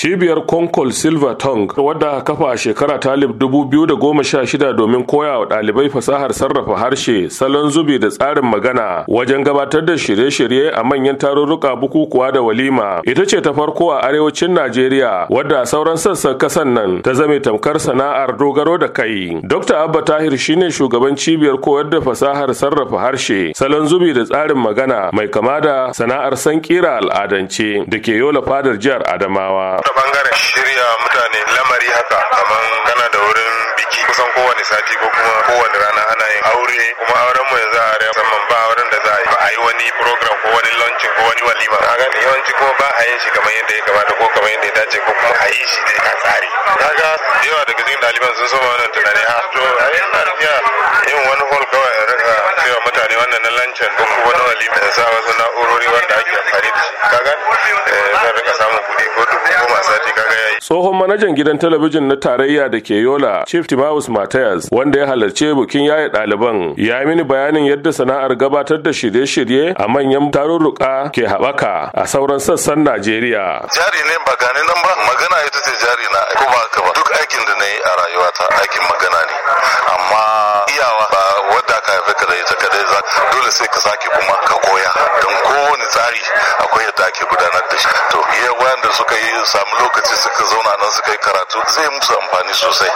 Cibiyar Konkol Silver Tongue wadda kafa a shekara talib 2016 domin koya wa ɗalibai fasahar sarrafa harshe salon zubi da tsarin magana wajen gabatar da shirye-shirye a manyan tarurruka bukukuwa da walima ita ce ta farko a arewacin Najeriya wadda sauran sassan kasan nan ta zame tamkar sana'ar dogaro da kai. Dr. Abba Tahir shine shugaban cibiyar koyar da fasahar sarrafa harshe salon zubi da tsarin magana mai kama da sana'ar sankira al'adance da ke yola fadar jihar Adamawa. kowane bangaren shirya mutane lamari haka kamar gana da wurin biki kusan kowane sati ko kuma kowane rana ana yin aure kuma auren mu yanzu a musamman ba auren da za a yi ba a yi wani program ko wani launching ko wani walima a gani yawanci kuma ba a yin shi kamar yadda ya kamata ko kamar yadda ya dace ko kuma a yi shi dai a tsari kaga da yawa daga cikin ɗaliban sun soma wannan tunani ha ah, to a yi iya yin wani hall kawai a rika cewa mutane wannan na lancin ko kuma na walima ya sa wasu na'urori wanda ake amfani da shi tsohon manajan gidan talabijin na tarayya da ke yola chief timawus matthias wanda ya halarci bikin yaye ɗaliban ya yi mini bayanin yadda sana'ar gabatar da shirye-shirye a manyan tarurruka ke haɓaka a sauran sassan najeriya jari ne ba gane nan ba magana ita ce jari na ko ba haka ba duk aikin da na yi a rayuwata aikin magana ne amma iyawa ba wadda aka haife ka da ita kadai dole sai ka sake kuma ka koya tsari akwai yadda ake gudanar da shi to iya wanda suka yi samu lokaci suka zauna nan suka yi karatu zai musu amfani sosai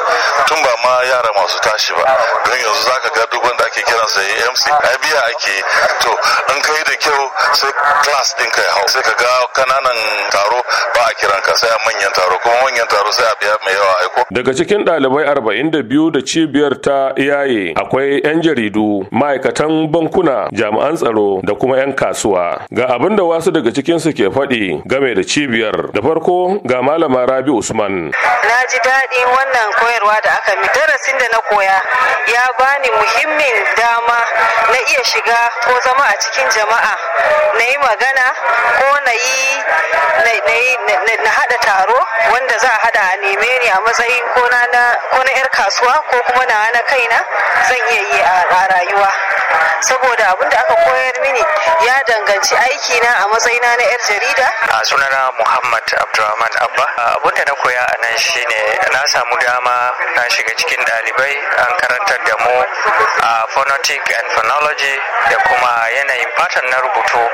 tun ba ma yara masu tashi ba don yanzu za ka ga duk wanda ake kiran sa AMC mc biya ake to in kai da kyau sai class din kai hau sai ka ga kananan taro ba a kiran ka sai a manyan taro kuma manyan faru sai a biya mai yawa aiko. Daga cikin ɗalibai arba'in da biyu da cibiyar ta iyaye akwai 'yan jaridu, ma'aikatan bankuna, jami'an tsaro da kuma 'yan kasuwa. Ga abin da wasu daga cikinsu ke faɗi game da cibiyar. Da farko ga malama Rabi Usman. Na ji daɗi wannan koyarwa da aka mi darasin da na koya ya bani muhimmin dama na iya shiga ko zama a cikin jama'a na yi magana ko na yi da taro wanda za a hada a neme ni a matsayin ko na yar kasuwa ko kuma na na kaina zan iya yi a rayuwa saboda abin da aka koyar mini ya danganci aiki na a matsayina na yar jarida a sunana muhammad abdurrahman abba abin da na koya a nan shine na samu dama na shiga cikin ɗalibai an karantar da mu a phonetic and phonology da kuma yanayin fatan na rubutu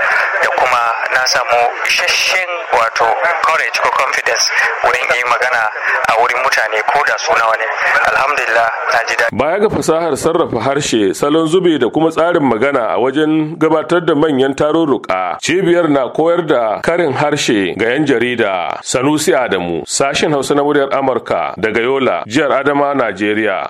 da kuma na samu isasshen wato courage ko confidence wurin yin magana a wurin mutane ko da su nawa ne alhamdulillah na ji daɗi baya ga fasahar sarrafa harshe salon zube da kuma tsarin magana a wajen gabatar da manyan tarurruka cibiyar na koyar da karin harshe ga yan jarida sanusi adamu sashin hausa na muryar amurka daga yola jihar adama najeriya